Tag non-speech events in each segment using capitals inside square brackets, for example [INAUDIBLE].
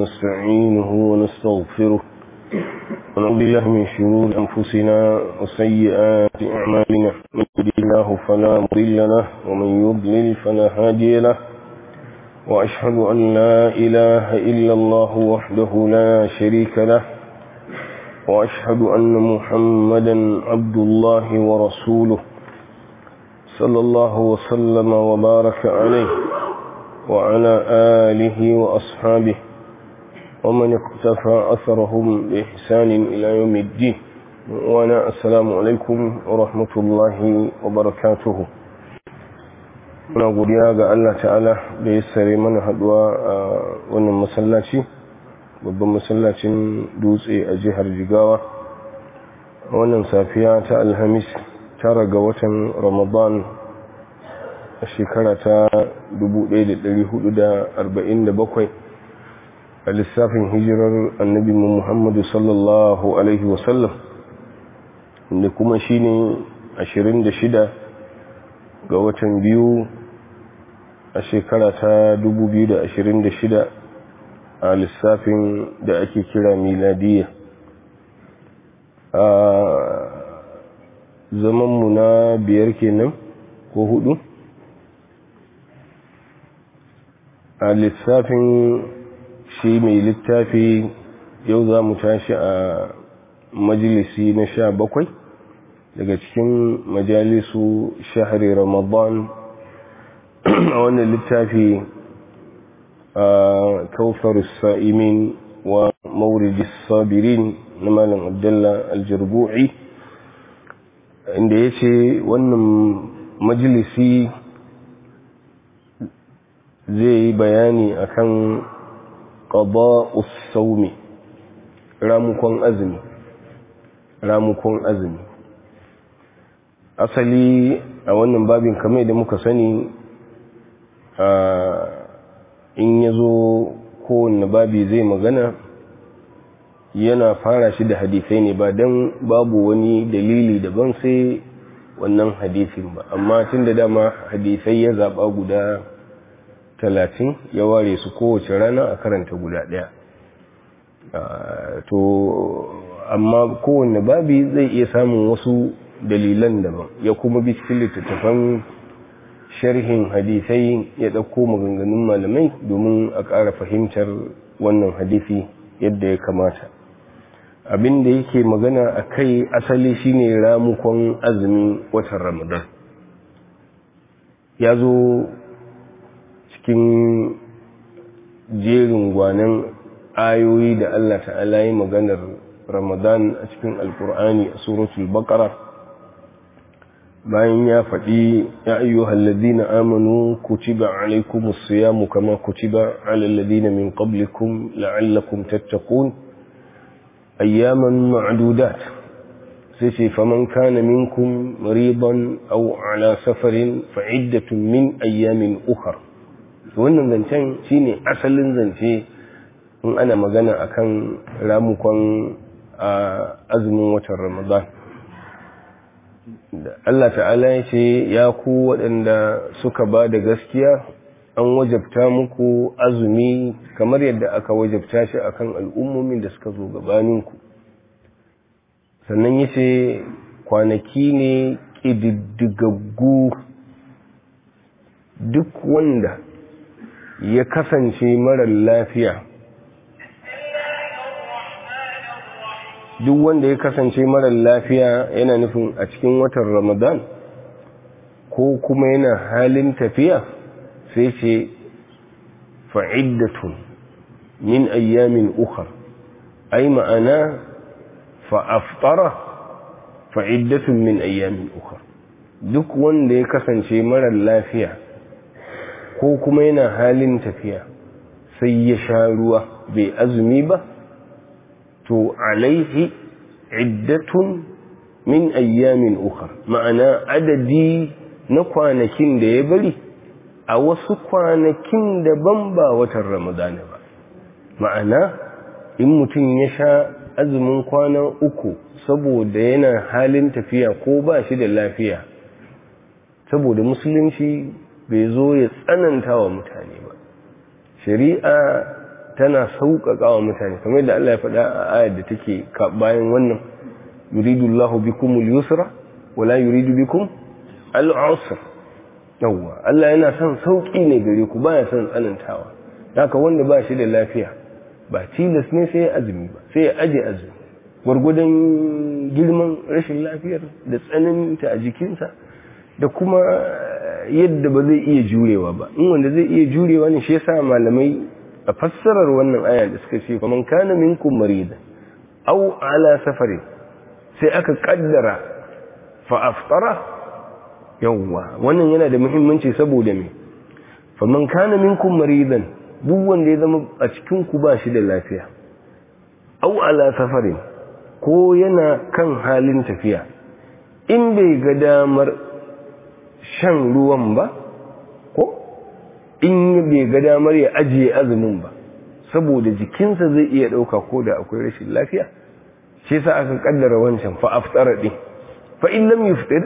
ونستعينه ونستغفره ونعوذ بالله من شرور أنفسنا وسيئات أعمالنا من يهدي الله فلا مضل له ومن يضلل فلا هادي له وأشهد أن لا إله إلا الله وحده لا شريك له وأشهد أن محمدا عبد الله ورسوله صلى الله وسلم وبارك عليه وعلى آله وأصحابه ومن اقتفى أثرهم بإحسان إلى يوم الدين وأنا السلام عليكم ورحمة الله وبركاته muna godiya ga Allah ta'ala da ya sare mana haduwa a wannan masallaci babban masallacin dutse a jihar jigawa wannan safiya ta alhamis tara ga watan ramadan a shekara ta 1447 a lissafin hijirar annabi muhammadu sallallahu alaihi wasallam da kuma shi ne 26 ga watan biyu a shekara ta 2026 a lissafin da ake kira miladiya a zamanmu na biyar kenan ko hudu a lissafin shi mai littafi yau za mu tashi a majalisi na sha bakwai daga cikin majalisu shahari ramadan a wannan littafi a kawfar sa'imin wa mauridi sabirin na malam abdullah aljirgu'i inda ya ce wannan majalisi zai yi bayani akan qada'u sawmi ramukon azumi ramukon azumi asali a wannan babin kamar da muka sani in yazo kowane babi zai magana yana fara shi da hadisai ne ba don babu wani dalili daban sai wannan hadisin ba amma tun da dama hadisai ya zaɓa guda talatin ya ware su kowace rana a karanta guda ɗaya ah, to amma kowanne babi zai iya samun wasu dalilan daban ya kuma bi cikin littattafan sharhin hadisai ya ɗauko maganganun malamai domin a ƙara fahimtar wannan hadisi yadda ya kamata abin da yake magana a kai asali shine ramukon azumin watan ramadan ya zo cikin jerin gwanan ayoyi da Allah ta'ala yi maganar ramadan a cikin alkur'ani a suratul baqara bayan ya faɗi ya ayyuhal ladina amanu kutiba alaykumus siyamu kama kutiba alal ladina min qablikum la'allakum tattaqun ayyaman ma'dudat sai ce faman kana minkum maridan aw ala safarin fa'iddatun min ayyamin uhar. wannan zancen shine asalin zance in ana magana akan ramukon azumin watan ramadan Allah ta'ala ya ce ya ku waɗanda suka ba da gaskiya an wajabta muku azumi kamar yadda aka wajabta shi akan al'ummomin da suka zo gabaninku sannan ya ce kwanaki ne ƙididdigaggu duk wanda ya kasance marar lafiya duk wanda ya kasance marar lafiya yana nufin a cikin watan ramadan ko kuma yana halin tafiya sai ce fa'iddatun min ayyamin ukhar ai ma'ana fa'aftara fa'iddatun min ayyamin ukhar duk wanda ya kasance marar lafiya ko kuma yana halin tafiya sai ya sha ruwa bai azumi ba to alaihi iddatun min ayyamin ukhar ma'ana adadi na kwanakin da ya bari a wasu kwanakin daban ba watan ramadana ba ma'ana in mutum ya sha azumin kwana uku saboda yana halin tafiya ko ba shi da lafiya saboda musulunci bai zo ya tsananta wa mutane ba shari'a tana sauƙaƙa wa mutane kamar da Allah ya faɗa a ayar da take bayan wannan yuridu Allah bikum al-yusra wala yuridu bikum al-usra yawa Allah yana son sauƙi ne gare ku baya son tsanantawa haka wanda ba shi da lafiya ba tilas ne sai ya azumi ba sai ya aje azumi gwargwadon girman rashin lafiyar da tsananta a jikinsa da kuma yadda ba zai iya jurewa ba in wanda zai iya jurewa ne shi yasa malamai a fassarar wannan aya da suka ce kuma kana minkum marida aw ala safari sai aka kaddara fa aftara yawwa wannan yana da muhimmanci saboda me Fa man kana minkum maridan duk wanda ya zama a cikin ku ba shi da lafiya aw ala safari ko yana kan halin tafiya in bai ga damar shan ruwan ba ko in bai ga damar ya ajiye azumin ba saboda jikinsa zai iya ɗauka ko da akwai rashin lafiya shi yasa aka kaddara wancan fa aftara din fa in lam yuftir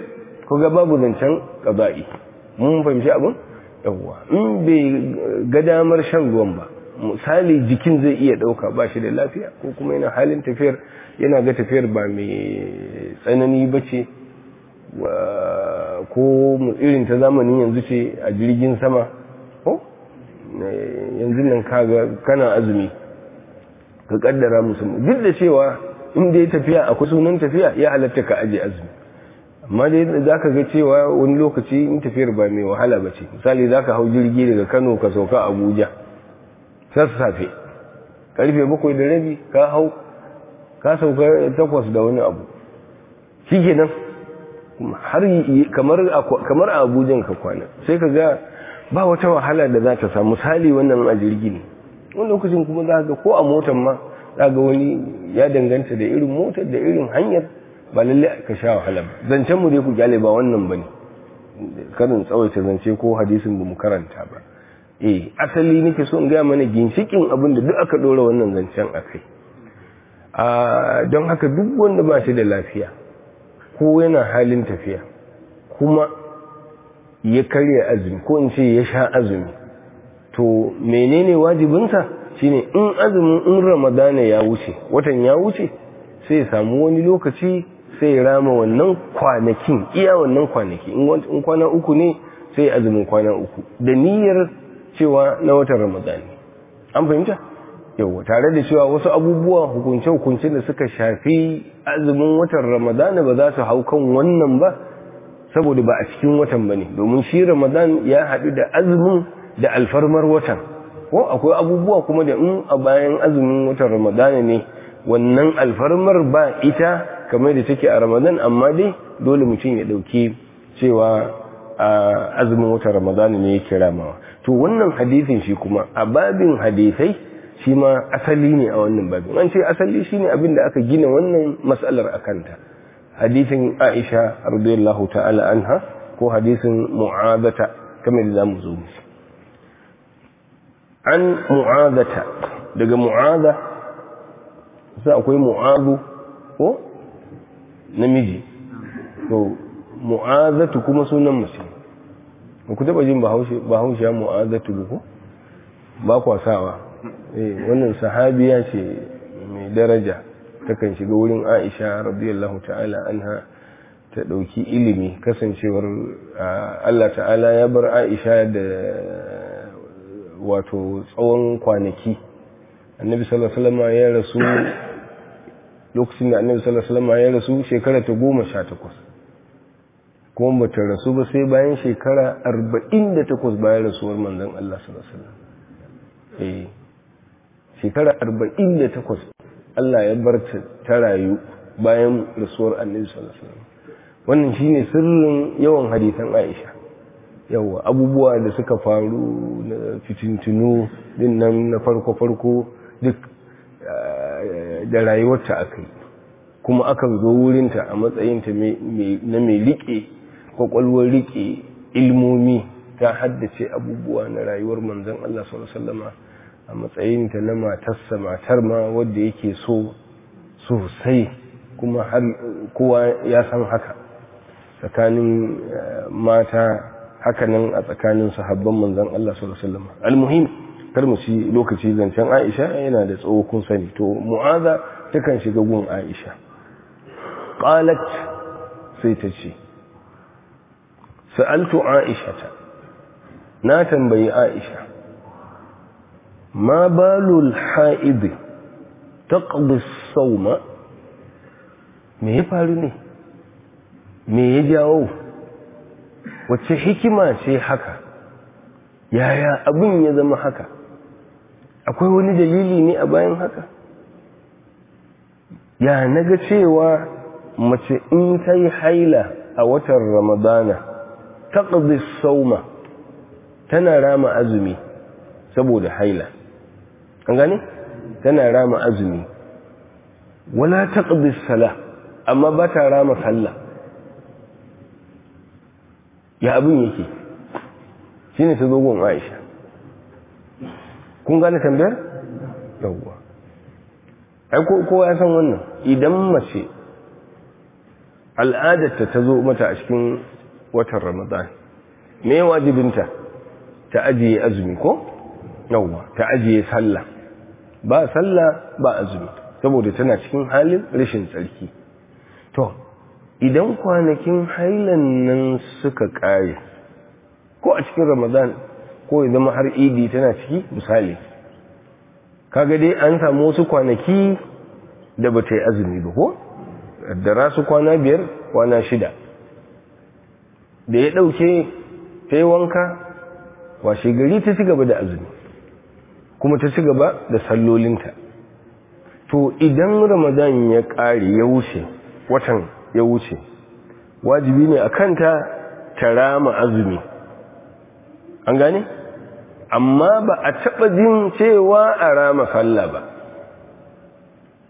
ko ga babu zancen qada'i mun fahimci abin yawwa in bai ga damar shan ruwan ba misali jikin zai iya ɗauka ba shi da lafiya ko kuma yana halin tafiyar yana ga tafiyar ba mai tsanani ba ce ko irin ta zamanin yanzu ce a jirgin sama ko eh, yanzu nan kaga kana azumi ka kaddara musamman duk da cewa in dai tafiya akwai sunan tafiya ya halatta ka ajiye azumi amma dai za ka ga cewa wani lokaci in tafiyar ba mai wahala ba ce misali za ka hau jirgi daga kano ka sauka abuja sassafe karfe bakwai da rabi ka hau ka sauka takwas da wani abu shi kenan har kamar a abujan ka kwana sai ka ga ba wata wahala da za ta samu misali wannan a jirgi ne wani lokacin kuma za ga ko a motar ma za ga wani ya danganta da irin motar da irin hanyar ba lalle ka sha wahala ba zancen mu dai ku gyale ba wannan ba ne karin tsawaita zance ko hadisin ba mu karanta ba eh asali nake so in gaya mana ginshikin abin da duk aka dora wannan zancen akai a ah, don haka duk wanda ba shi da lafiya ko yana halin tafiya kuma ya karya azumi ko in ce ya sha azumi to menene wajibinsa shine in azumin in ramadana ya wuce watan ya wuce sai ya samu wani lokaci sai ya rama wannan kwanakin iya wannan kwanaki in kwana uku ne sai azumin kwana uku da niyyar cewa na watan ramadani an fahimta yau tare da cewa wasu abubuwa hukunce hukunce da suka shafi azumin watan ramadana ba za su hau kan wannan ba saboda ba a cikin watan ba ne domin shi ramadan ya haɗu da azumin da alfarmar watan ko akwai abubuwa kuma da in a bayan azumin watan ramadana ne wannan alfarmar ba ita kamar da take a ramadan amma dai dole mutum ya ɗauki cewa azumin watan ramadana ne ya kira mawa to wannan hadisin shi kuma a babin hadisai shi ma asali ne a wannan babin an ce asali shi abin da aka gina wannan matsalar a kanta hadisin Aisha radiyallahu ta'ala anha ko hadisin mu'azata kamar da mu zo musu an mu'azata daga mu'aza sai akwai mu'azu ko namiji to mu'azatu kuma sunan mace ku taba jin bahaushe bahaushe Mu'adhatu ko ba kwasawa Eh, wannan sahabiya ce mai daraja takan shiga wurin aisha radiyallahu ta'ala anha ta ɗauki ilimi kasancewar allah ta'ala ya bar aisha da wato tsawon kwanaki annabi sallallahu alaihi ya rasu lokacin da annabi sallallahu alaihi ya rasu shekara ta goma sha takwas kuma bata rasu ba sai bayan shekara arba'in da takwas bayan rasuwar manzon allah sallallahu alaihi eh. shekara arba'in da takwas Allah ya bar ta rayu bayan rasuwar annabi sallallahu alaihi wasallam wannan shine sirrin yawan hadisan Aisha yawa abubuwa da suka faru na fitintinu din nan na farko farko duk eh, da rayuwarta akai kuma akan zo wurinta a matsayinta na mai rike kwakwalwar rike ilmomi ta haddace abubuwa na rayuwar manzon Allah sallallahu alaihi wasallam a matsayinta na matarsa matar ma wadda yake so sosai kuma kowa ya san haka tsakanin eh, mata hakanan a tsakanin sahabban manzan Allah sallallahu alaihi wasallam almuhim kar mu lokaci zancen Aisha yana da tsawo kun sani to mu'aza takan shiga gun Aisha qalat sai ta ce sa'altu Aisha ta na tambayi Aisha ma balul ha'id taqdi sauma me ya faru ne me ya jawo wacce hikima ce haka yaya abin ya zama haka akwai wani dalili ne a bayan haka ya naga cewa mace in ta yi haila a watan ramadana ta sauma tana rama azumi saboda haila an gane tana rama azumi wala taqdi sala amma ba ta rama sallah ya abin yake shine ta zogon Aisha kun gane tambayar yawwa ai ko kowa ya san wannan idan mace al'adarta ta zo mata a cikin watan Ramadan me wajibinta ta ajiye azumi ko yawwa ta ajiye sallah ba sallah ba azumi saboda tana cikin halin rashin tsarki to idan kwanakin hailan nan suka kare ko a cikin ramadan ko ya zama har idi tana ciki misali kaga dai an samu wasu kwanaki da ba ta yi azumi ba ko da rasu kwana biyar kwana shida da ya ɗauke ta yi wanka washe gari ta ci gaba da azumi kuma ta ci gaba da sallolinta to idan ramadan ya ƙare ya wuce watan ya wuce wajibi ne a kanta ta rama azumi an gane amma ba a taɓa jin cewa a rama sallah ba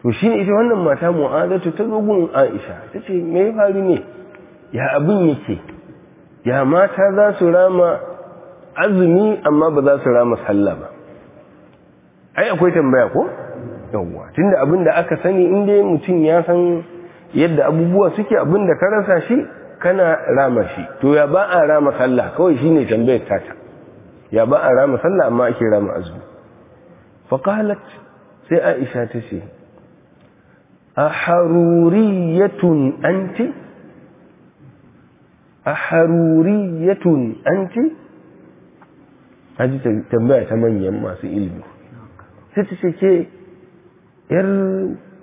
to shi ne ita wannan mata mu'adatu ta zo aisha ta ce me faru ne ya abin yake ya mata za su rama azumi amma ba za su rama sallah ba ai akwai tambaya ko yawwa tunda abin da aka sani in dai mutum ya san yadda abubuwa suke abin da ka rasa shi kana rama shi to ya ba a rama sallah kawai shine tambayar tata ya ba a rama sallah amma ake rama azumi fa qalat sai Aisha ta ce aharuriyatun anti aharuriyatun anti haji tambaya ta manyan masu ilimi sai ta ce ke yar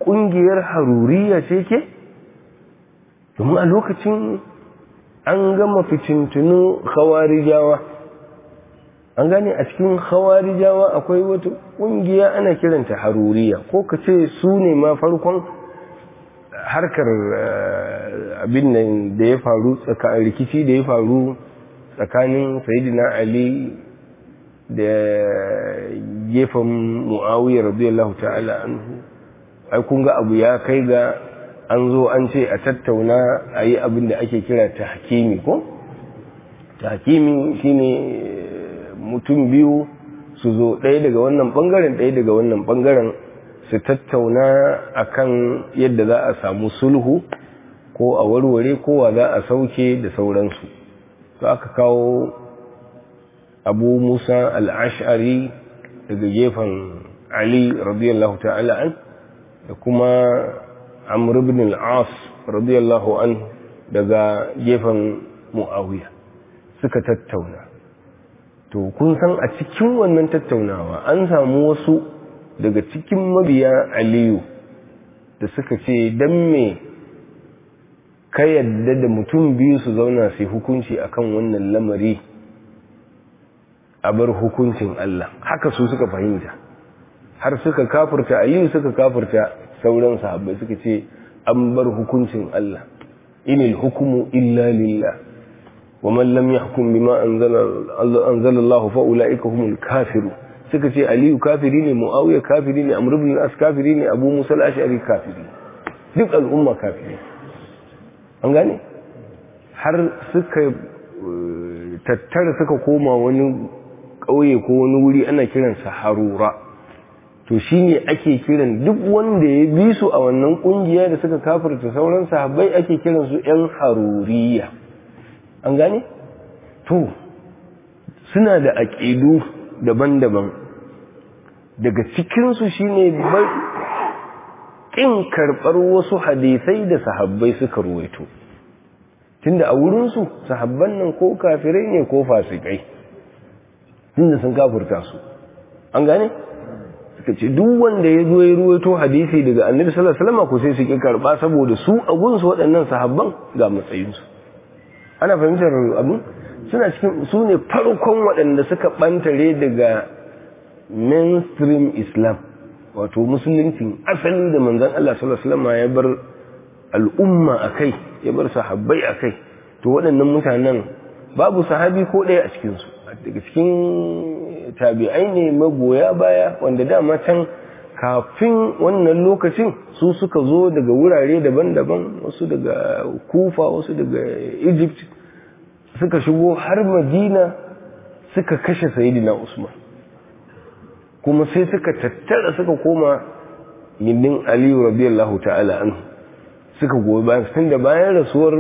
kungiyar haruriya ce ke domin a lokacin an gama fitintunu khawarijawa an gane a cikin hawarijawa akwai wata ƙungiya ana kiranta haruriya ko ka ce su ne ma farkon harkar eh, abin nan da ya faru tsakanin rikici da ya faru tsakanin sayidina ali da gefen mu'awiyar radiyallahu ta'ala anhu ai kun ga abu ya kai ga an zo an ce a tattauna a yi abin da ake kira ta hakimi ko? ta hakimi shine mutum biyu su zo ɗaya daga wannan ɓangaren ɗaya daga wannan ɓangaren su tattauna a kan yadda za a samu sulhu ko a warware kowa za a sauke da sauransu to aka kawo abu musa al'ashari daga gefen ali radiyallahu ta'ala an da kuma amr ibn radiyallahu an daga gefen muawiya suka tattauna to kun san a cikin wannan tattaunawa an samu wasu daga cikin mabiya aliyu da suka ce don me ka yadda da mutum biyu su zauna su hukunci akan wannan lamari a bar hukuncin Allah haka su suka fahimta har suka kafurta aliyu suka kafurta sauran sahabbai suka ce an bar hukuncin Allah inil hukumu illa lillah wa man lam yahkum bima anzala Allah fa ulaika humul kafiru suka ce aliyu kafiri ne muawiya kafiri ne amr ibn as kafiri ne abu musa al-ash'ari kafiri duk al'umma kafiri an gane har suka eh, tattara suka koma wani ƙauye ko wani wuri ana kiransa harura to shine ake kiran duk wanda ya bi su a wannan ƙungiya da suka kafirta sauran sahabbai ake kiransu yan haruriya an gane to suna da aƙidu daban-daban daga cikinsu shine ƙin karɓar wasu hadisai da sahabbai suka ruwaito tunda a wurinsu sahabban nan ko kafirai ne ko fasikai tunda sun kafurta su an gane suka ce duk wanda ya zo ya ruwaito hadisi daga annabi sallallahu alaihi wasallam ku sai su ki karba saboda su a su waɗannan sahabban ga matsayinsu ana fahimtar abin suna cikin su ne farkon waɗanda suka bantare daga mainstream islam wato musulunci asali da manzon Allah sallallahu alaihi wasallam ya bar al'umma akai ya bar sahabbai akai to waɗannan mutanen babu sahabi ko ɗaya a cikinsu daga cikin tabi'ai ne magoya baya wanda dama can kafin wannan lokacin su suka zo daga wurare daban-daban wasu daga kufa wasu daga egypt suka shigo har madina suka kashe sayidina usman kuma sai suka tattara suka koma gindin aliyu radiyallahu ta'ala anhu suka goyi bayan tun da bayan rasuwar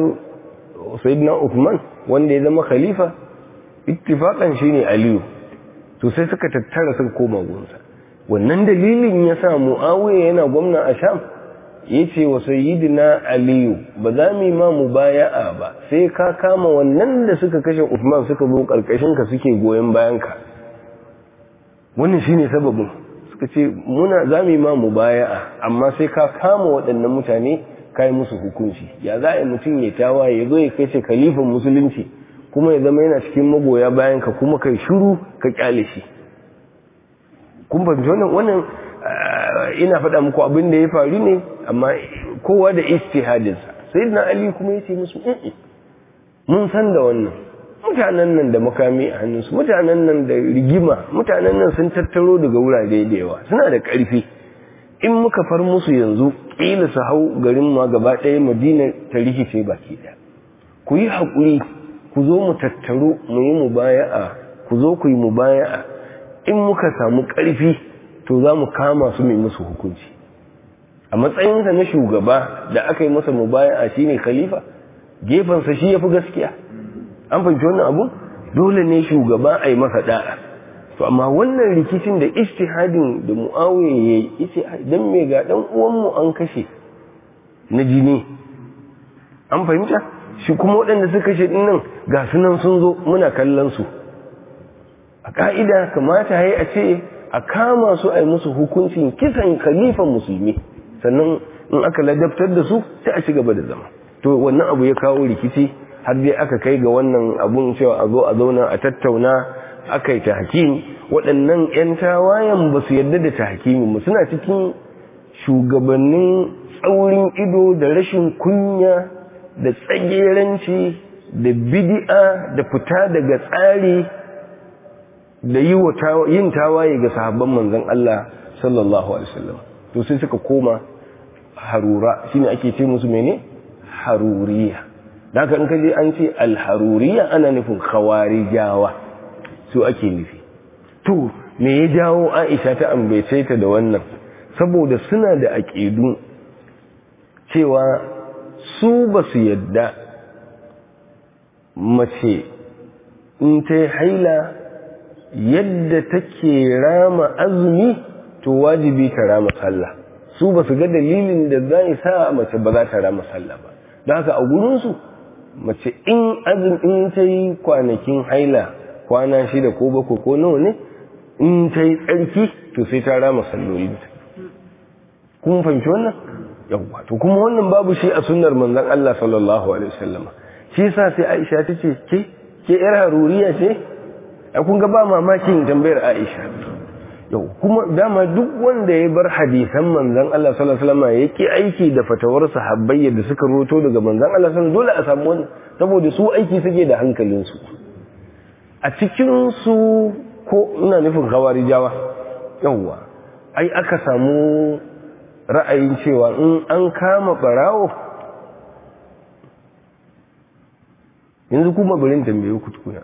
sayidina usman wanda ya zama khalifa ittifaqan shine aliyu to sai suka tattara suka koma gunsa wannan dalilin ya sa muawiya yana gwamna a sham ya ce wa sayyidina aliyu ba za mu ma a ba sai ka kama wannan da suka kashe usman suka zo karkashin ka suke goyon bayan ka wannan shine sababin suka ce muna za mu ma mubaya'a amma sai ka kama waɗannan mutane kai musu hukunci ya za a mutum ya tawaye ya zo ya kai ce kalifin musulunci kuma ya zama yana cikin magoya bayan ka kuma kai shiru ka kyale shi kun fahimci wannan wannan eh, ina faɗa muku abin da ya faru ne amma kowa da istihadinsa sai na ali kuma ya ce musu mun san da wannan mutanen nan da makami a hannunsu mutanen nan da rigima mutanen nan sun tattaro daga wurare da yawa suna da ƙarfi in muka far musu yanzu ƙila su hau garin ma gaba ɗaya madina ta rikice baki ɗaya ku yi haƙuri ku zo mu tattaru mu yi mubaya'a ku zo ku yi mubaya'a in muka samu ƙarfi to za mu kama su mai musu hukunci a matsayinsa na shugaba da aka yi masa mubaya'a shine khalifa gefensa shi ya fi gaskiya an fahimci wannan abu dole ne shugaba a yi masa da'a to amma wannan rikicin da istihadin da mu'awiyar ya yi ice don me ga dan uwanmu an kashe na jini an fahimta shi kuma waɗanda suka shi nan ga sunan sun zo muna kallon su a ƙa'ida kamata ya a ce a kama su a yi musu hukuncin kisan kalifan musulmi sannan in aka ladabtar da su sai a ci gaba da zama to wannan abu ya kawo rikici har dai aka kai ga wannan abun cewa a zo a zauna a tattauna aka yi ta hakimi waɗannan 'yan tawayen ba su yarda da ta hakimi suna cikin shugabannin tsaurin ido da rashin kunya da tsageranci da bidi'a da fita daga tsari da yin tawaye ga sahabban manzan Allah sallallahu alaihi wasallam to sai suka koma harura shine ake ce musu mene haruriya da haka in kaje an ce alharuriya ana nufin jawa su ake nufi to me ya jawo Aisha ta ambace ta da wannan saboda suna da aƙidu cewa su ba su yadda mace in ta haila yadda take rama azumi to wajibi ta rama sallah su ba su ga dalilin da za yi sa mace ba za ta rama sallah ba da haka a gurinsu mace in azumin ta yi kwanakin haila kwana shida ko bako ko nawa ne in ta yi tsarki to sai ta rama salloli kun fahimci wannan yawwa to kuma wannan babu shi a sunnar manzon Allah sallallahu alaihi wasallam shi yasa sai Aisha tace ke ke yar haruriya ce ai kun ga ba mamakin tambayar Aisha yau kuma dama duk wanda ya bar hadisan manzon Allah sallallahu alaihi wasallam yake aiki da fatawar sahabbai da suka roto daga manzon Allah sallallahu dole a samu wannan saboda su aiki suke da hankalin su a cikin su ko ina nufin jawa yawwa ai aka samu ra'ayin cewa in an kama barawo yanzu kuma barin tambaye ku tukuna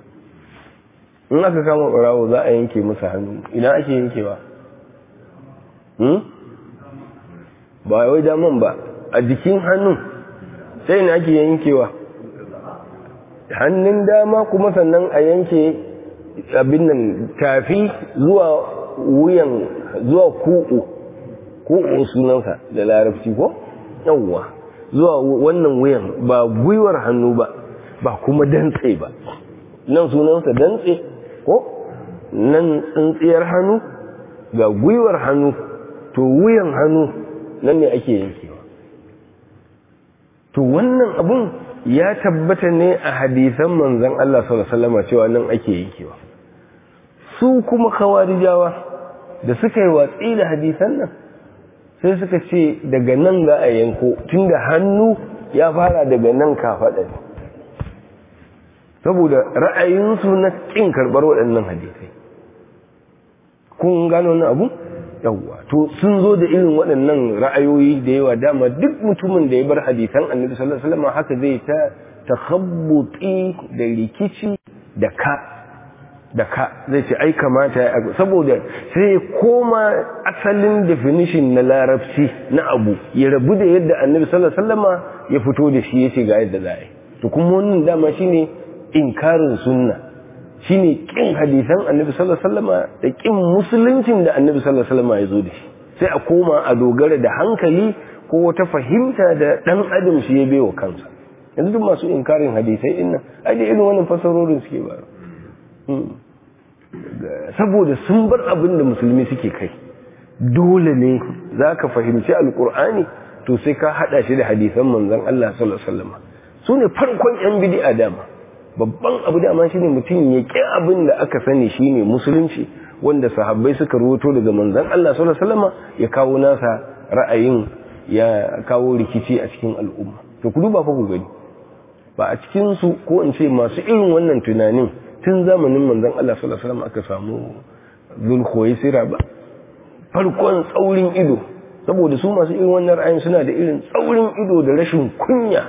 in aka kama barawo za a yanke masa hannu ina ake yankewa hmm? ba wai daman ba a jikin hannun sai ne ake yankewa hannun dama kuma sannan a yanke abin nan tafi zuwa wuyan zuwa ku'u ko sunansa da larabci ko yawwa zuwa wannan wuyan ba gwiwar hannu ba ba kuma dantse ba nan sunansa dantse ko nan tsintsiyar hannu ga gwiwar hannu to wuyan hannu nan ne ake yankewa to wannan abun ya tabbata ne a hadisan manzan Allah sallallahu cewa nan ake yankewa su kuma kawarijawa da suka yi watsi da hadisan nan sai suka ce daga nan za a yanko da hannu ya fara daga nan kafaɗa saboda ra'ayinsu na ƙin karɓar waɗannan hadisai kun gano wani abu yawwa to sun zo da irin waɗannan ra'ayoyi da yawa dama duk mutumin da ya bar hadisan annabi sallallahu alaihi haka zai ta takhabbuti da rikici da ka da ka zai ce ai kamata ya abu saboda sai koma asalin definition na larabci na abu ya rabu da yadda annabi sallallahu alaihi wasallam ya fito da shi yace ga yadda za'a to kuma wannan dama shine inkarin sunna shine kin hadisan annabi sallallahu alaihi wasallam da kin musuluncin da annabi sallallahu alaihi wasallam ya zo da shi sai a koma a dogara da hankali ko wata fahimta da dan adam shi ya baiwa kansa yanzu duk masu inkarin hadisai din nan ai da irin wannan fasarorin suke ba Hmm. saboda sun bar abin da musulmi suke kai dole ne za ka fahimci alkur'ani to sai ka haɗa shi da hadisan manzan Allah sallallahu su ne farkon yan bidi'a dama babban abu dama shi mutum ya ƙi abin da aka sani shi ne musulunci wanda sahabbai suka rubuto daga manzan Allah sallallahu ya kawo nasa ra'ayin ya kawo rikici a cikin al'umma to ku duba fa ku gani ba a cikin su ko in ce masu irin wannan tunanin tun zamanin manzon Allah sallallahu alaihi aka samu zulkoyi sira ba farkon tsaurin ido saboda su masu irin wannan ra'ayin suna da irin tsaurin ido da rashin kunya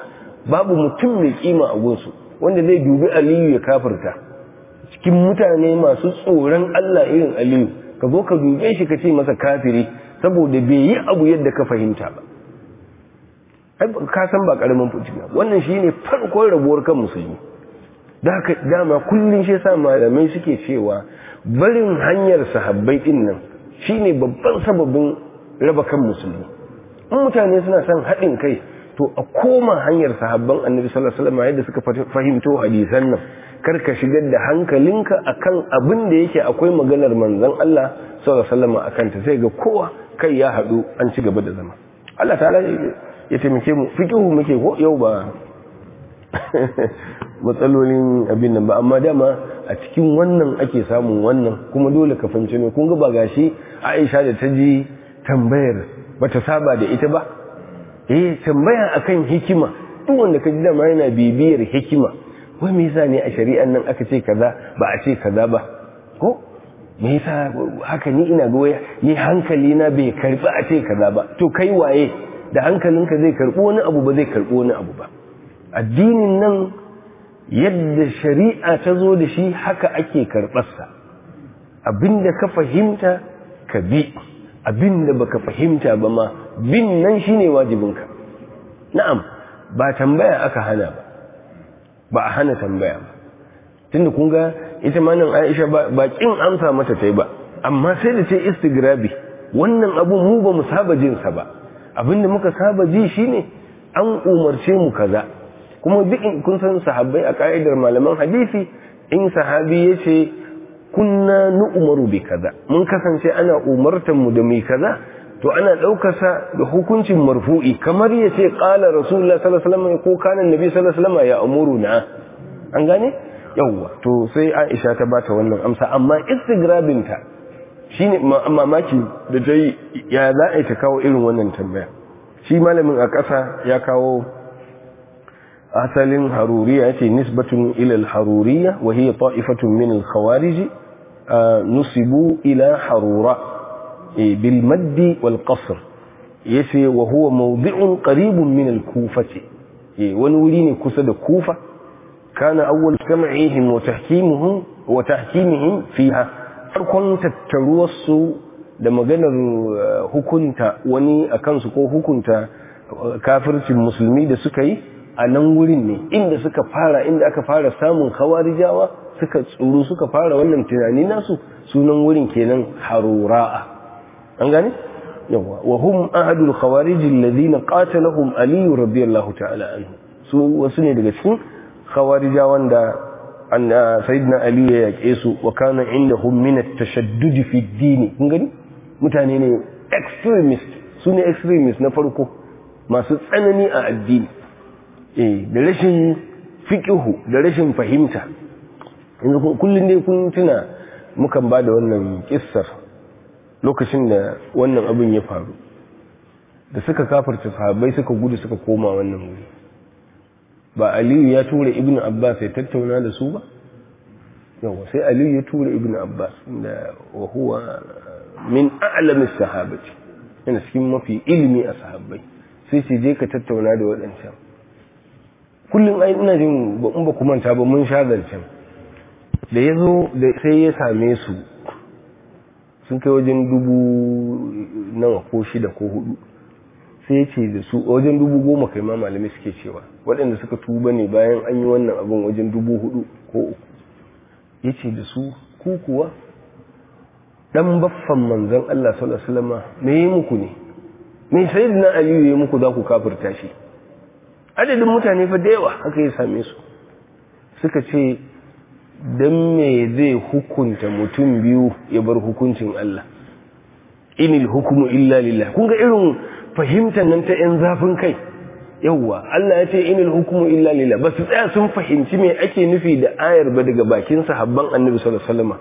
babu mutum mai kima a gunsu wanda zai dubi aliyu ya kafirta cikin mutane masu tsoron Allah irin aliyu ka zo ka dube shi ka ce masa kafiri saboda bai yi abu yadda ka fahimta ba ai ka san ba karamin fitina wannan shine farkon rabuwar kan musulmi da haka dama kullum shi sa malamai suke cewa barin hanyar sahabbai din nan shine babban sababin raba kan musulmi in mutane suna son haɗin kai to a koma hanyar sahabban annabi sallallahu alaihi wasallam yadda suka fahimto hadisan nan kar ka shigar da hankalinka akan abin da yake akwai maganar manzon Allah sallallahu alaihi wasallam akan ta sai ga kowa kai ya haɗu an ci gaba da zama Allah ta'ala ya taimake mu fiqihu muke ko yau ba [LAUGHS] matsalolin abin nan ba amma dama a cikin wannan ake samun wannan kuma dole ka fahimci ne kun ga ba gashi Aisha da ta ji tambayar bata saba da ita ba eh tambaya akan hikima duk wanda ka ji dama yana bibiyar hikima wai me yasa ne a shari'an nan aka ce kaza ba a ce kaza ba ko me yasa haka ni ina ga ni hankali na bai karbi a ce kaza ba to kai waye da hankalinka zai karbi wani abu ba zai karbi wani abu ba addinin nan yadda shari'a ta zo da shi haka ake karɓarsa abinda ka fahimta ka bi abinda baka fahimta ba ma bin nan shine wajibinka na'am ba tambaya aka hana ba ba a hana tambaya ba tunda kun ga ita ma nan Aisha ba kin amsa mata ta ba amma sai da ce istigrabi wannan abu mu ba mu saba jinsa ba abinda muka saba ji shine an umarce mu kaza kuma duk kun san sahabbai a ka'idar malaman hadisi in sahabi ya ce kunna umaru bi kaza mun kasance ana umartan mu da mai kaza to ana ɗaukasa da hukuncin marfu'i kamar ya ce qala rasulullah sallallahu alaihi wasallam ko kana nabi sallallahu alaihi wasallam ya amuru na an gane yawwa to sai Aisha ta bata wannan amsa amma istigrabin ta shine mamaki da dai ya za a ta kawo irin wannan tambaya shi malamin a ƙasa ya kawo أثل حرورية نسبة إلى الحرورية وهي طائفة من الخوارج آه، نسبوا إلى حرورة بالمد والقصر يسي وهو موضع قريب من الكوفة ونورين كسد الكوفة كان أول سمعهم وتحكيمهم وتحكيمهم فيها فكنت تتروس لما آه، قالوا هكنت وني أكنسكو هكنت آه، كافرة المسلمين سكيه a nan wurin ne inda suka fara inda aka fara samun khawarijawa suka tsoro suka fara wannan tunani nasu sunan wurin kenan harura'a an gane yawa wa hum ahadul khawarij alladhina qatalahum ali radiyallahu ta'ala anhu su wasu ne daga cikin khawarijawan da sayyidina ali ya yake su wa kana indahum min at-tashaddud fi ad kun gani mutane ne extremist su ne extremist na farko masu tsanani a addini Eh, da rashin fikihu da rashin fahimta yanzu kullum dai kun tuna mukan ba da wannan kissar lokacin da wannan abin ya faru da suka kafarta sahabbai suka gudu suka koma wannan wuri ba aliyu ya tura ibn abbas ya tattauna da su ba yawa sai aliyu ya tura ibn abbas da wahuwa min alamis sahabati yana cikin mafi ilimi a sahabbai sai ce je ka tattauna da waɗancan kullum ai ina jin in ba ku manta ba mun sha zancen da ya zo da sai ya same su sun kai wajen dubu nawa ko shida ko hudu sai ya ce da su wajen dubu goma kai ma malami suke cewa waɗanda suka tuba ne bayan an yi wannan abin wajen dubu hudu ko uku ya ce da su ku kuwa ɗan baffan manzon Allah sallallahu alaihi wasallama me yi muku ne me na aliyu ya yi muku za ku kafirta shi adadin mutane fa da yawa aka yi same su suka ce don me zai hukunta mutum biyu ya bar hukuncin Allah inil hukumu illa kun ga irin fahimtar nan ta yan zafin kai yawwa Allah ya ce inil hukumu illa ba su tsaya sun fahimci me ake nufi da ayar ba daga bakin sahabban annabi sallallahu alaihi wasallam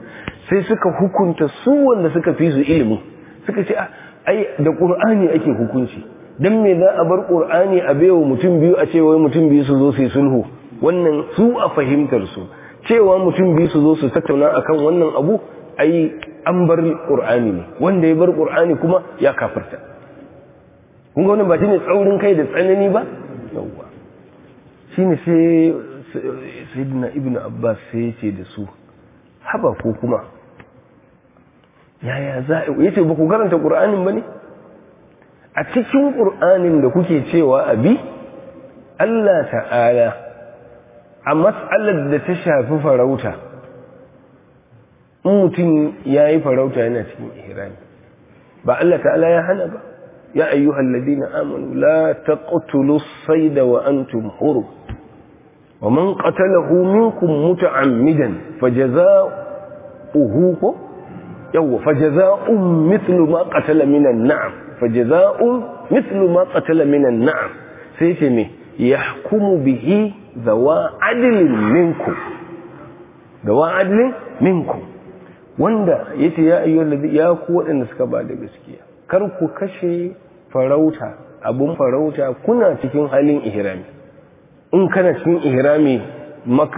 sai suka hukunta su wanda suka fi su ilimi suka ce ah, ai da qur'ani ake hukunci don me za a bar ƙur'ani a baiwa mutum biyu a cewa mutum biyu su zo su yi sulhu wannan su a fahimtar su cewa mutum biyu su zo su tattauna akan wannan abu ai an bar ƙur'ani ne wanda ya bar ƙur'ani kuma ya kafarta kun ga wannan ba shine tsaurin kai da tsanani ba yawwa shine sai sayyidina ibnu abbas sai yace da su haba ko kuma yaya za a yace ba ku karanta ƙur'anin ba ne a cikin ƙur'anin da kuke cewa abi Allah ta'ala a matsalar da ta shafi farauta in mutum ya yi farauta yana cikin ihrami ba Allah ta'ala ya hana ba ya ayyu ayyuhal na amanu la ta ƙutulu sai da antum hurum wa man ƙatala hominkun qatalahu minkum muta'ammidan fajaza'uhu yawwa fajaza'un mithlu ma ƙatala minan na'am fajaza'un mithlu ma qatala minan na'am sai ce me yahkumu bihi zawa adlin minkum zawa adlin minkum wanda yace ya ayyuhal ya ku wadanda suka ba da gaskiya kar ku kashe farauta abun farauta kuna cikin halin ihrami in kana cikin ihrami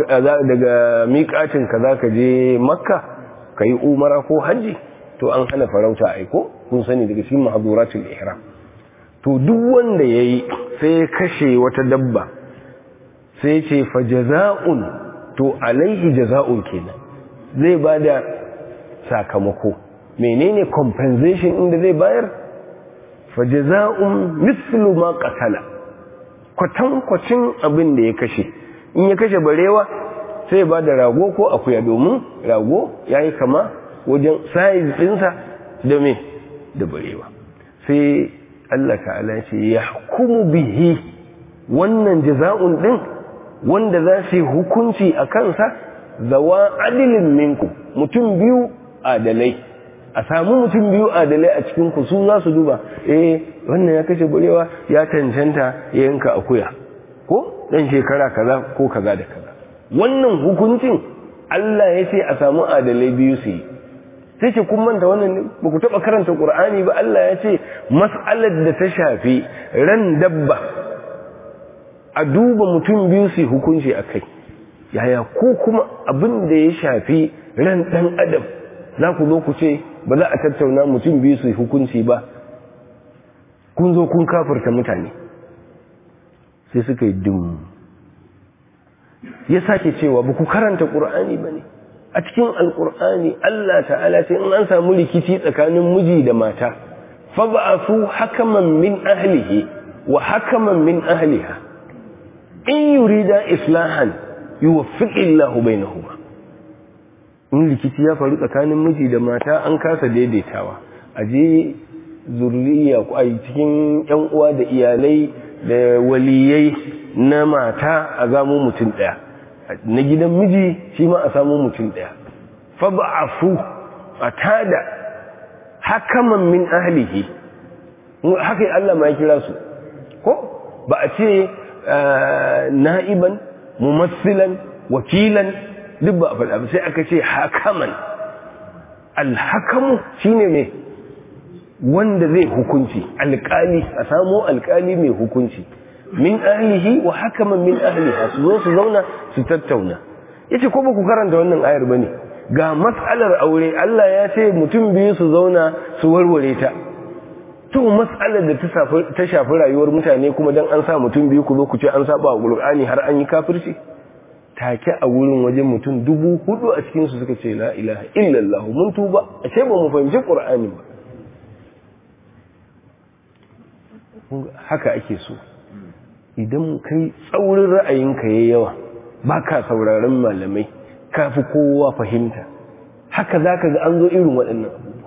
daga miƙacin ka zaka je makka kai umara ko haji to an hana farauta aiko kun sani daga cikin mahaduratul ihram to duk wanda yayi sai ya kashe wata dabba sai ya ce fa to alaihi jaza'un kenan zai bada sakamako menene compensation inda zai bayar fajaza'un mislu ma qatala kwacin abin da ya kashe in ya kashe barewa sai ba da rago ko akuya domin rago ya yi kama wajen size ɗinsa da me da barewa sai Allah ta'ala ce ya hukumu bihi wannan jaza'un ɗin wanda za su hukunci a kansa zawa adilin minku mutum biyu adalai a samu mutum biyu adalai a cikin ku su za duba eh wannan ya kashe burewa ya cancanta ya yanka akuya ko dan shekara kaza ko kaza da kaza wannan hukuncin Allah ya ce a samu adalai biyu su yi sai ce kun manta wannan ba ku taɓa karanta ƙur'ani ba Allah ya ce mas'alar da ta shafi ran dabba a duba mutum biyu su hukunci a kai yaya ko kuma abin da ya shafi ran ɗan adam za ku zo ku ce ba za a tattauna mutum biyu su hukunci ba kun zo kun kafarta mutane sai suka yi dum ya sake cewa ba ku karanta ƙur'ani ba ne a cikin alkur'ani Allah ta'ala sai in an samu rikici tsakanin miji da mata fa ba'athu hakaman min ahlihi wa hakaman min ahliha in yurida islahan yuwaffiqillahu bainahuma in rikici ya faru tsakanin miji da mata an kasa daidaitawa aje zurriya ko a cikin yan uwa da iyalai da waliyai na mata a zamu mutum daya na gidan miji shi ma a samu mutum ɗaya ba a fu a tada hakaman min ahalihi haka Allah ma ya kira su ko ba a ce na'iban mumassilan wakilan duk ba a faɗa sai aka ce hakaman alhakamu shi ne mai wanda zai hukunci alƙali a samo alƙali mai hukunci min ahlihi wa hakaman min ahliha su zo su zauna su tattauna yace ko ba ku karanta wannan ayar bane ga mas'alar aure Allah ya ce mutum biyu su zauna su warware ta to mas'alar da ta shafi rayuwar mutane kuma dan an sa mutum biyu ku zo ku ce an saba Qur'ani har an yi kafirci take a wurin wajen mutum dubu hudu a cikin su suka ce la ilaha illallah mun tuba ashe ba mu fahimci Qur'ani ba haka ake so idan kai tsaurin ra'ayinka ya yawa ba ka sauraron malamai ka fi kowa fahimta haka za ka ga an zo irin waɗannan abubuwa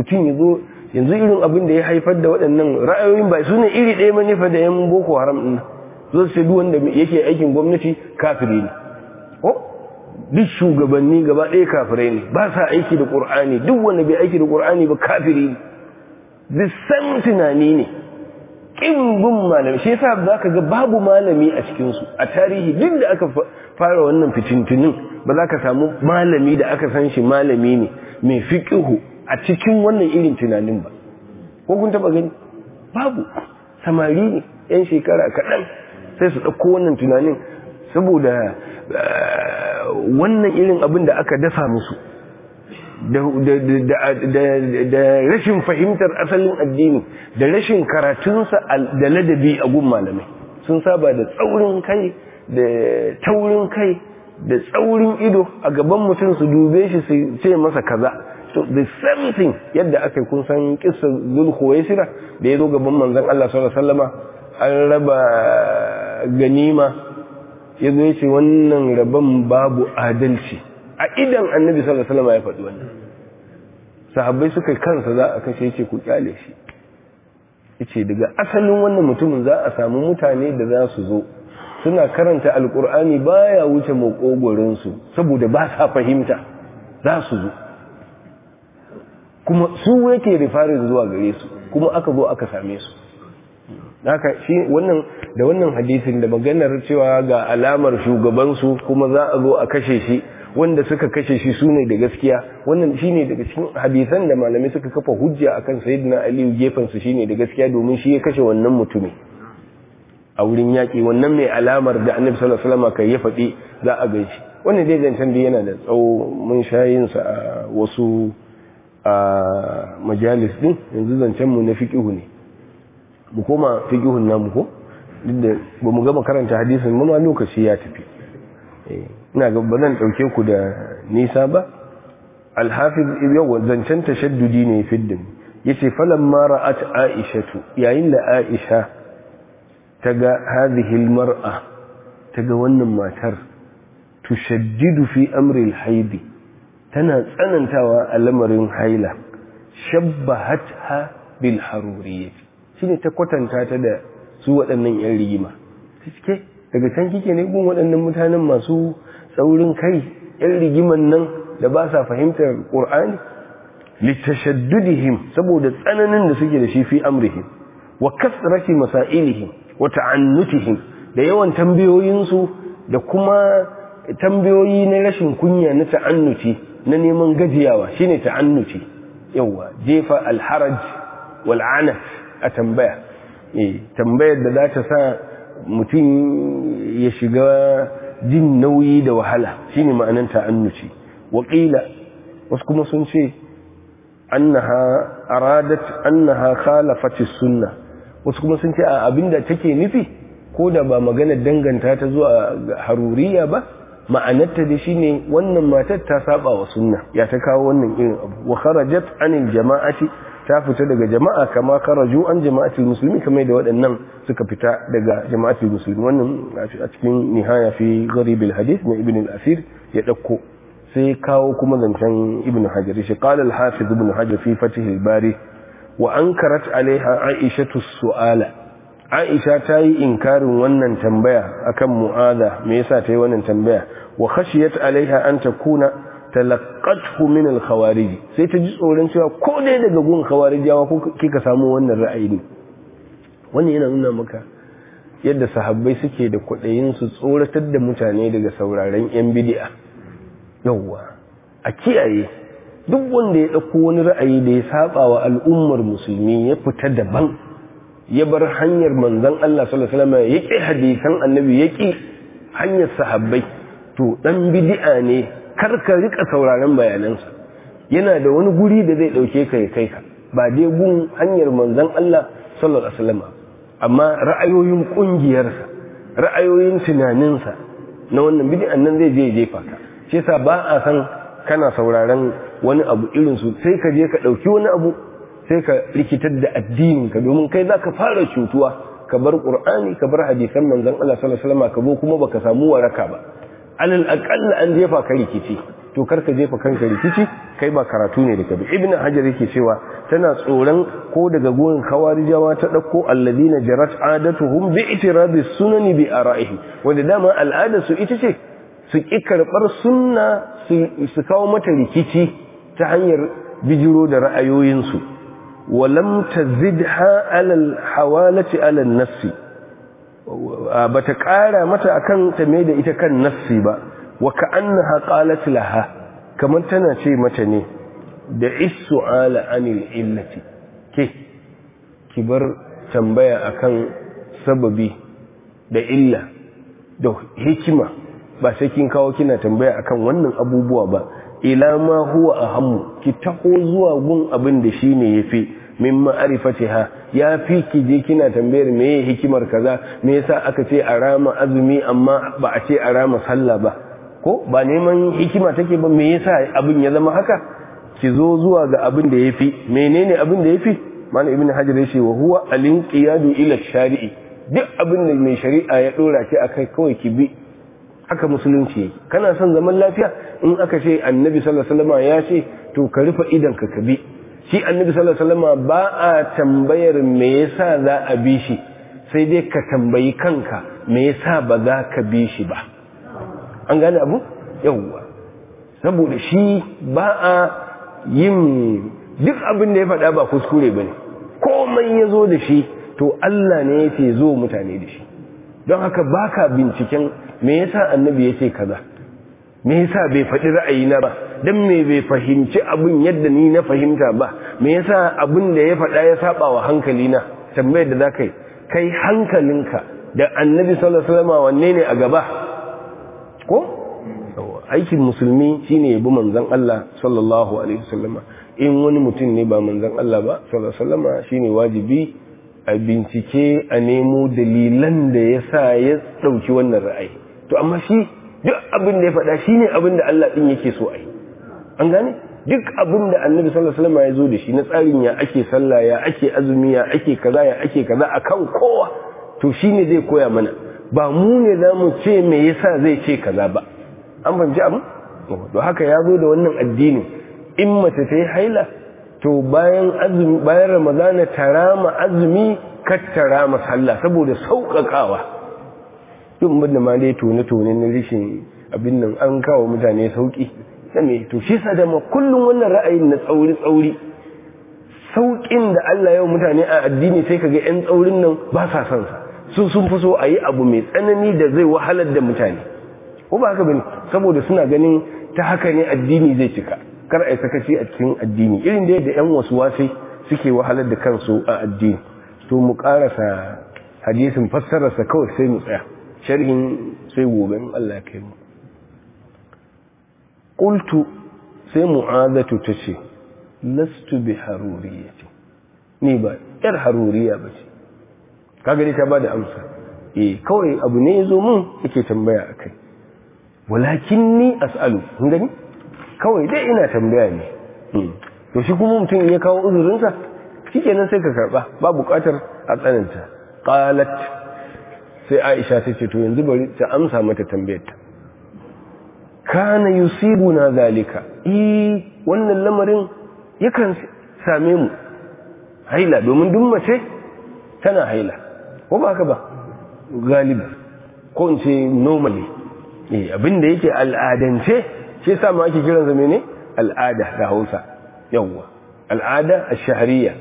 mutum ya zo yanzu irin abin da ya haifar da waɗannan ra'ayoyin ba su ne iri ɗaya manufa da yan boko haram ɗin zo su duk wanda yake aikin gwamnati kafiri ne ko duk shugabanni gaba ɗaya kafirai ne ba sa aiki da ƙur'ani duk wanda bai aiki da ƙur'ani ba kafiri ne duk tunani ne ƙin bin malami shi yasa za ka ga babu malami a cikinsu a tarihi duk da aka fara wannan fitintunin ba za ka samu malami da aka san shi malami ne mai fiƙihu a cikin wannan irin tunanin ba ko kun taɓa gani babu samari ne yan shekara kaɗan sai su ɗauko wannan tunanin saboda eh, wannan irin abin da aka dafa musu da rashin fahimtar asalin addini da rashin karatunsa da ladabi a gun malamai sun saba da tsaurin kai da taurin kai da tsaurin ido a gaban mutum su dube shi su ce masa kaza so the same thing yadda aka kun san kissa zulhuwaisira da ya zo gaban manzon Allah sallallahu alaihi wasallama an raba ganima ya zo ya ce wannan rabon babu adalci a idan annabi sallallahu alaihi wasallama ya faɗi wannan sahabbai suka kansa za a kashe yake ku kyale shi yace daga asalin wannan mutumin za a samu mutane da za su zo suna karanta alkur'ani baya wuce makogorin su saboda ba sa fahimta za su zo kuma su yake rifarin zuwa gare su kuma aka zo aka same su haka shi wannan da wannan hadisin da maganar cewa ga alamar shugabansu kuma za a zo a kashe shi wanda suka kashe shi su ne da gaskiya wannan shi ne daga cikin hadisan da malamai suka kafa hujja a kan sayidina aliyu gefensu shi ne da gaskiya domin shi ya kashe wannan mutumin a wurin yaƙi wannan mai alamar da annabi sallallahu alaihi wasallam kai ya faɗi za a gan shi wannan dai zancen da yana da tsawo mun sha sa a wasu a majalis din yanzu zancen mu na fiƙihu ne mu koma fiqihun namu ko duk da bamu gama karanta hadisin mu ma lokaci ya tafi eh. ina ga ba zan ɗauke ku da nisa ba alhafiz yau zancen tashaddudi ne fiddin yace falamma ra'at aishatu yayin da aisha ta ga hadhihi almar'a ta ga wannan matar tushaddidu fi amri alhaidi tana tsanantawa a lamarin haila ha bil haruriyyah shine ta kwatanta ta da su waɗannan yan rigima take daga can kike ne gun waɗannan mutanen masu saurin kai yan rigiman nan da ba sa fahimtar qur'ani littashaddudihim saboda tsananin da suke da shi fi amrihim wa kasrati masailihim wa ta'annutihim da yawan tambayoyinsu da kuma tambayoyi na rashin kunya na ta'annuti na neman gajiyawa shine ta'annuti yawa jefa alharaj wal anat a tambaya eh tambayar da za ta sa mutum ya shiga jin nauyi da wahala shine ma'anan ta'annuci waƙila wasu kuma sun ce annaha aradat annaha fati sunna wasu kuma sun ce a abinda take nufi ko da ba magana danganta ta zuwa haruriya ba ma'anarta da shi ne wannan matar ta saba wa sunna ya ta kawo wannan irin abu wa kharajat anil jama'ati ta fita daga jama'a kama karaju an jama'atul musulmi kamar da waɗannan suka fita daga jama'atul musulmi wannan a cikin nihaya fi gharibil hadith na ibn al-asir ya dauko sai kawo kuma zancen ibn hajar shi qala al-hafiz ibn hajar fi fath al-bari wa ankarat alaiha aishatu su'ala aisha ta yi inkarin wannan tambaya akan mu'adha me yasa ta yi wannan tambaya wa khashiyat alaiha an takuna talaqathu min al-khawarij sai ta ji tsoron cewa ko dai daga gun khawarijawa ko kika samu wannan ra'ayi ne wannan yana nuna maka yadda sahabbai suke da kudayin su tsoratar da mutane daga sauraron yan bid'a yawa a kiyaye duk wanda ya dauko wani ra'ayi da ya saba wa al'ummar musulmi ya fita daban ya bar hanyar manzon Allah sallallahu alaihi wasallam ya ki hadisan annabi ya ki hanyar sahabbai to dan bid'a ne kar ka rika sauraron bayanansa yana da wani guri da zai dauke ka ya kai ka ba dai gun hanyar manzon Allah sallallahu alaihi amma ra'ayoyin kungiyarsa ra'ayoyin tunaninsa na wannan bid'an nan zai je jefa ka shi yasa ba a san kana sauraron wani abu irin su sai ka je ka dauki wani abu sai ka rikitar da addininka ka domin kai za ka fara cutuwa ka bar Ƙur'ani ka bar hadisan manzon Allah sallallahu alaihi wasallam ka bo kuma baka samu waraka ba alal aqall an jefa ka rikici to karka jefa kanka rikici kai ba karatu ne da kabi ibn hajar yake cewa tana tsoron ko daga gurin khawarijawa ta dauko alladina jarat adatuhum bi itiradi sunani bi ara'ihi wanda dama al'ada su ita ce su ki karbar sunna su kawo mata rikici ta hanyar bijiro da ra'ayoyinsu walam tazidha alal hawalati alal nafsi ba ta ƙara mata akan ta mai da ita kan nafsi ba wa ka'annaha qalat laha kamar tana ce mata ne da is'ala anil illati ke ki bar tambaya akan sababi da illa da hikima ba sai kin kawo kina tambaya akan wannan abubuwa ba ila ma huwa ahammu ki taho zuwa gun abin da shine yafi min ma'arifatiha ya fi ki je kina tambayar me hikimar kaza me yasa aka ce a azumi amma ba a ce arama rama sallah ba ko ba neman hikima take ba me yasa abin ya zama haka ki zo zuwa ga abin da yafi menene abin da yafi mana ibnu hajar yace wa huwa al-inqiyadu ila shari'i duk abin da mai shari'a ya dora ki akai kawai ki bi haka musulunci kana son zaman lafiya in aka ce annabi sallallahu alaihi wasallam ya ce to ka rufe idan ka bi shi annabi sallallahu alaihi wasallam ba a tambayar me yasa za a bi shi sai dai ka tambayi kanka me yasa ba za ka bi shi ba an gane abu yawwa saboda shi ba a yin duk abin da ya faɗa ba kuskure bane komai ya zo da shi to Allah ne yake zo mutane da shi don haka baka binciken me yasa annabi yace kaza me yasa bai faɗi ra'ayi na ba dan me bai fahimci abin yadda ni na fahimta ba me yasa abin da ya faɗa ya saba wa na? tambayar da zaka yi kai hankalinka da annabi sallallahu alaihi wasallam wanne ne a gaba ko aikin musulmi shine bi manzon Allah sallallahu alaihi wasallam in wani mutum ne ba manzon Allah ba sallallahu alaihi wasallam shine wajibi a bincike a nemo dalilan da ya sa ya dauki wannan ra'ayi to amma shi duk abin da ya faɗa shine abin da Allah din yake so a yi an gane duk abin da annabi sallallahu alaihi wasallam ya zo da shi na tsarin ya ake sallah ya ake azumi ya ake kaza ya ake kaza akan kowa to shine zai koya mana ba mu ne za mu ce me yasa zai ce kaza ba an fahimci abu to haka ya zo da wannan addini in mace ta yi haila to bayan azumi bayan ramadana tarama azumi kattara ma sallah saboda sauƙaƙawa duk mun da ma dai tone tone na rishin abin nan an kawo mutane sauƙi da me to shi sadama kullum wannan ra'ayin na tsauri tsauri saukin da Allah yau mutane a addini sai kaga yan tsaurin nan ba sa son sa su sun fi so a yi abu mai tsanani da zai wahalar da mutane ko ba haka bane saboda suna ganin ta haka ne addini zai cika kar a sakaci a cikin addini irin da yadda yan wasu wasai suke wahalar da kansu a addini to mu karasa hadisin fassararsa kawai sai mu tsaya sharhin sai gobe Allah ya kai mu Ƙultu sai mu'azatu ce lastu bi ce, ni ba ƴar haruriya bace kaga dai ta bada amsa eh kawai abu ne zo mun yake tambaya a kai, akai ni as'alu kun gani kawai dai ina tambaya ne hmm. to shi kuma mutum ya kawo uzurinsa nan sai ka karɓa, ba buƙatar a tsananta ƙalat sai Aisha ce to yanzu bari ta amsa mata tambayar ta kana na zalika eh wannan lamarin yakan same mu haila domin duk mace tana haila ko ba haka ba galibi ko in ce normally e, abinda yake al'adance shi yasa ma ake zame ne al'ada da Hausa yawa al'ada a shahariya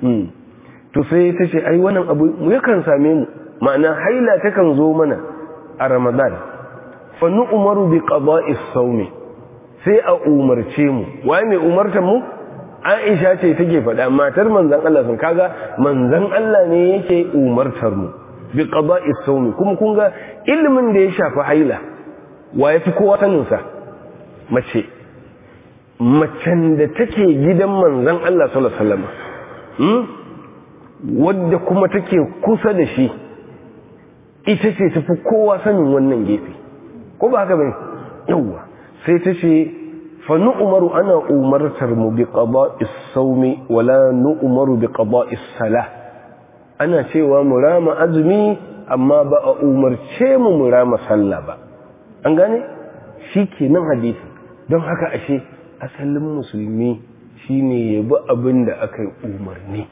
hmm to sai ta ce ai wannan abu yakan same mu ma'ana haila takan zo mana a Ramadan fa Umaru bi qada'i sawmi sai a umarce mu waye mai umartar mu Aisha ce take faɗa matar manzon Allah sun kaga manzon Allah ne yake umartar mu bi qada'i sawmi kuma kun ga ilimin da ya shafi haila wa fi kowa sanin sa mace macen da take gidan manzon Allah sallallahu alaihi wasallam hmm? wadda kuma take kusa da shi ita ce tafi kowa sanin wannan gefe ko ba haka bai yawwa sai ta ce fa nu'maru ana umartar mu bi qada'is sawmi wala nu'umaru bi qada'is salah ana cewa mu rama azumi amma ba a umarce mu mu rama sallah ba an gane shi shikenan hadisi don haka ashe asalin musulmi shine ya bi abin da aka umarni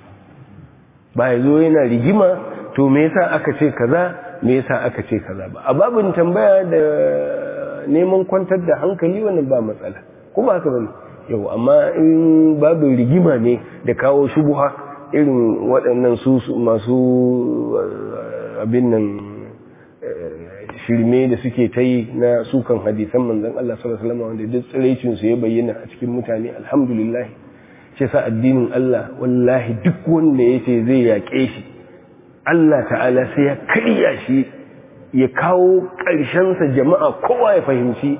ba yazo yana rigima to me yasa aka ce kaza me yasa aka ce kaza ba a babin tambaya da neman kwantar da hankali wannan ba matsala kuma haka bane yau amma in babin rigima ne da kawo shubuha irin waɗannan su masu eh, abin nan eh, shirme da suke ta yi na sukan hadisan manzan Allah sallallahu alaihi wasallam wanda duk tsiraicin su ya bayyana a cikin mutane alhamdulillah ce sa addinin Allah wallahi duk wanda ya ce zai yaƙe shi Allah ta'ala sai ya karya shi ya kawo ƙarshensa jama'a kowa ya fahimci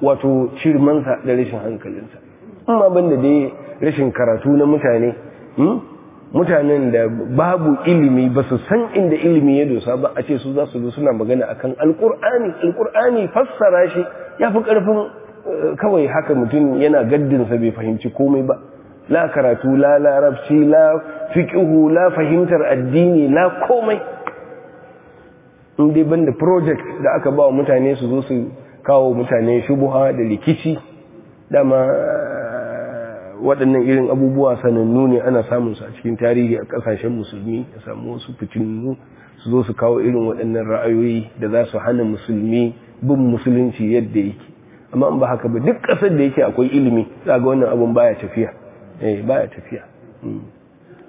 wato shirmansa da rashin hankalinsa amma banda dai rashin karatu na mutane hmm? mutanen da babu ilimi ba su san inda ilimi ya dosa ba a ce su za su zo suna magana akan alkur'ani alkur'ani fassara shi ya fi ƙarfin eh, kawai haka mutum yana gaddinsa bai fahimci komai ba la karatu la larabci la fiƙihu la fahimtar addini la komai in dai banda project da aka ba mutane su zo su kawo mutane shubuha da rikici dama eh, waɗannan irin abubuwa sanannu ne ana samun su a cikin tarihi a ƙasashen musulmi a samu wasu fitinnu su zo su kawo irin waɗannan ra'ayoyi da za su hana musulmi bin musulunci yadda yake amma in ba haka ba duk ƙasar da yake akwai ilimi za ga wannan abun baya tafiya eh baya tafiya hmm.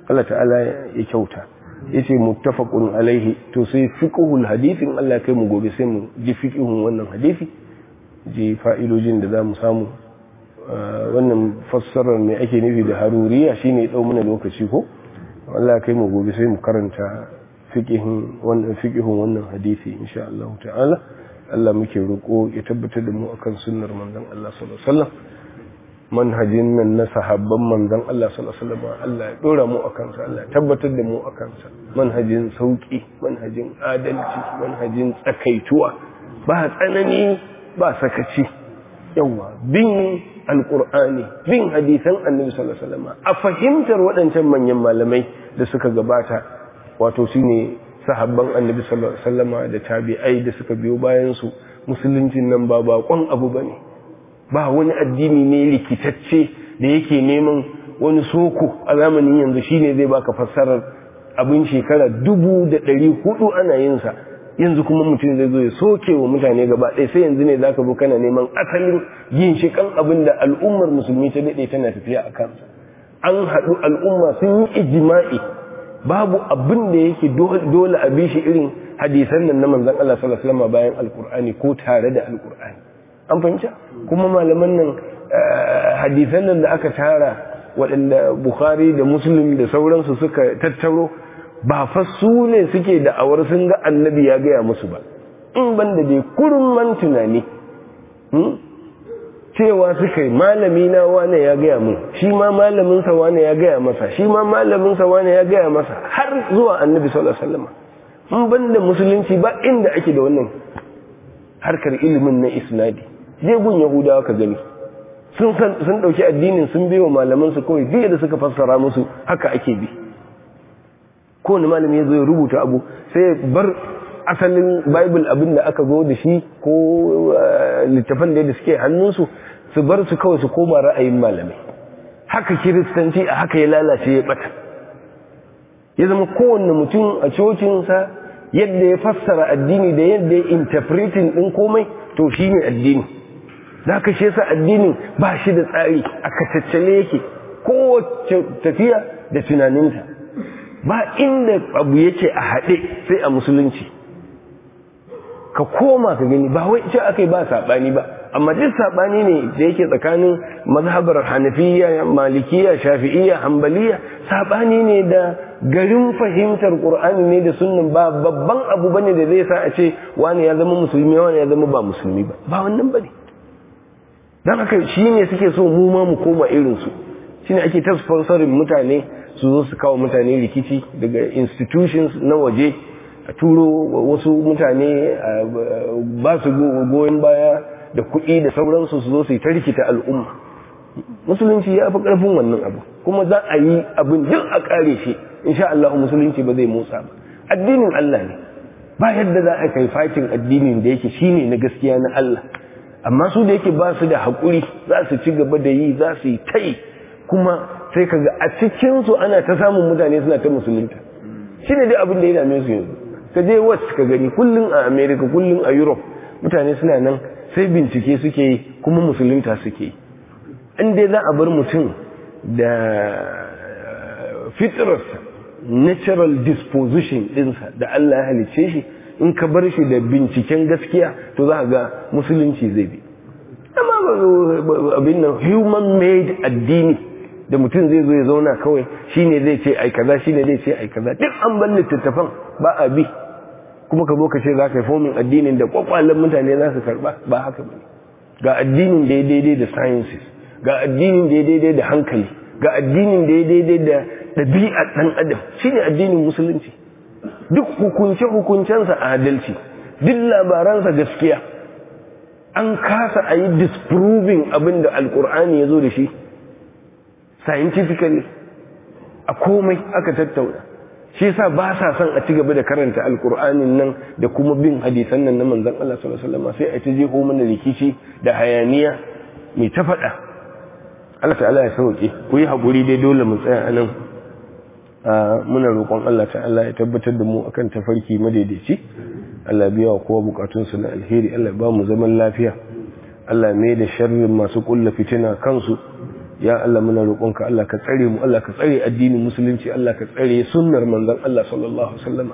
Allah ta'ala ya kyauta yace muttafaqun alaihi to sai fiqhul hadithin Allah kai mu gobe sai mu ji fiqhun wannan hadisi ji fa'ilojin da zamu samu ah, wannan fassarar mai ake nufi da haruriya shine dau mana lokaci ko Allah kai mu gobe sai mu karanta fiqhun wannan fiqhun wannan hadisi insha Allah ta'ala Allah muke roƙo ya tabbatar da mu akan sunnar manzon Allah sallallahu alaihi wasallam manhajin nan na sahabban manzan Allah sallallahu alaihi Allah ya dora mu akan sa Allah ya tabbatar da mu akan sa manhajin sauki manhajin adalci manhajin tsakaituwa ba tsanani ba sakaci yawa bin alqur'ani bin hadisan annabi sallallahu alaihi wasallam a fahimtar waɗancan manyan malamai da suka gabata wato shine sahabban annabi sallallahu alaihi wasallam da tabi'ai da suka biyo bayan su musuluncin nan ba bakon abu bane ba wani addini ne likitacce da yake neman wani soko a zamanin yanzu shine zai baka fassarar abin shekara dubu da ɗari hudu ana yinsa yanzu kuma mutum zai zo ya soke wa mutane gaba ɗaya sai yanzu ne za ka zo kana neman asalin yin kan abin da al'ummar musulmi ta daɗe tana tafiya a kan, an haɗu al'umma sun yi ijima'i babu abin da yake dole a bi shi irin hadisan nan na manzan Allah sallallahu alaihi wasallam bayan alkur'ani ko tare da alkur'ani an fahimta kuma malaman nan eh, hadisan nan da aka tara waɗanda bukhari da muslim da sauransu suka tattaro ba fa su ne suke da awar sun ga annabi ya gaya musu ba in ban dai kurman tunani hmm, cewa suka yi malami na wane ya gaya mun shi ma malaminsa wane ya gaya masa shi ma malaminsa wane ya gaya masa har zuwa annabi sallallahu alaihi wasallam in ban musulunci ba inda ake da wannan harkar ilimin na isnadi zai gun yahudawa ka gani sun ɗauki dauki addinin sun biyo malaman su kawai biya da suka fassara musu haka ake bi kowane malami ya zo ya rubuta abu sai bar asalin baibul abin da aka zo da shi ko eh, littafan da suke hannunsu su bar su kawai su koma ra'ayin malamai haka kiristanci a haka ya lalace ya bata ya zama kowanne mutum a cocinsa yadda ya fassara addini da yadda ya interpreting din komai to shi ne addini Za aka shesa addinin ba shi da tsari a kacaccele yake kowace tafiya da tunaninsa ba inda abu yake a haɗe sai a musulunci ka koma ka gani ba wai ce aka yi ba saɓani ba amma duk saɓani ne da yake tsakanin mazhabar hanafiya malikiya shafi'iya hambaliya saɓani ne da garin fahimtar ƙur'ani ne da sunnan ba babban abu bane da zai sa a ce wani ya zama musulmi wani ya zama ba musulmi ba ba wannan bane don haka shi ne suke so mu ma mu koma irinsu shi ne ake ta sponsorin mutane su zo su kawo mutane rikici daga institutions na waje a turo wasu mutane ba su goyon baya da kuɗi da sauransu su zo su yi ta rikita al'umma musulunci ya fi ƙarfin wannan abu kuma za a yi abin duk a ƙare shi insha Allah musulunci ba zai motsa ba addinin Allah ne ba yadda za a kai fatin addinin da yake shine na gaskiya na Allah amma su da yake ba su da haƙuri za su ci gaba da yi za su yi tai kuma sai kaga a cikinsu ana ta samun mutane suna ta musulunta shi ne dai abin da ya dame su yanzu ka je wasu ka gani kullum a Amerika kullum a europe mutane suna nan sai bincike suke yi kuma musulunta suke yi in dai za a bar mutum da eh, fitrarsa natural disposition ɗinsa da allah ya halicce shi in ka bar shi da binciken gaskiya to za ga musulunci zai bi amma abin nan human made addini da mutum zai zo ya zauna kawai shine zai ce ai kaza shine zai ce ai kaza duk an bar littattafan ba a bi kuma ka zo ka ce za ka yi fomin addinin da kwakwalen mutane za su karba ba haka ba ga addinin da ya daidai da sciences ga addinin da ya daidai da hankali ga addinin da ya daidai da ɗabi'ar ɗan adam shine addinin musulunci duk hukunce-hukuncensa adalci duk labaransa gaskiya an kasa a yi disproving abin da alkur'ani ya zo da shi scientifically a komai aka tattauna shi yasa ba sa son a ci gaba da karanta alkur'anin nan da kuma bin hadisan nan na manzan Allah sallallahu alaihi wasallam sai a ci jeho mana rikici da hayaniya mai ta faɗa Allah ta'ala ya sauke ku yi haƙuri dai dole mu tsaya anan muna roƙon Allah ta'ala ya tabbatar da mu akan tafarki madaidaici Allah biya wa kowa bukatunsu na alheri Allah ba mu zaman lafiya Allah mai da sharrin masu kulla fitina kansu ya Allah muna roƙonka Allah ka tsare mu Allah ka tsare addinin musulunci Allah ka tsare sunnar manzon Allah sallallahu alaihi wasallam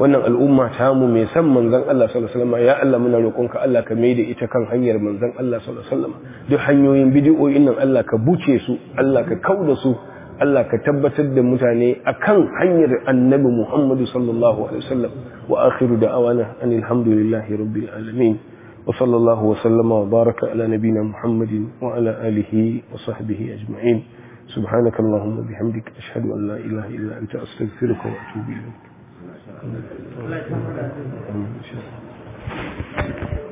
wannan al'umma ta mu mai san manzon Allah sallallahu alaihi wasallam ya Allah muna roƙonka Allah ka mai da ita kan hanyar manzon Allah sallallahu alaihi wasallam duk hanyoyin bid'o'in nan Allah ka buce su Allah ka kauda su Allah ka tabbatar da mutane a kan hanyar annabi Muhammadu sallallahu alaihi wasallam wa akhiru da'awana an hamdulillahi rabbil alamin wa sallallahu wa sallama wa baraka ala nabina Muhammadin wa ala alihi wa sahbihi ajma'in subhanaka allahumma bihamdika ashhadu an la ilaha illa anta astaghfiruka wa atubu ilayk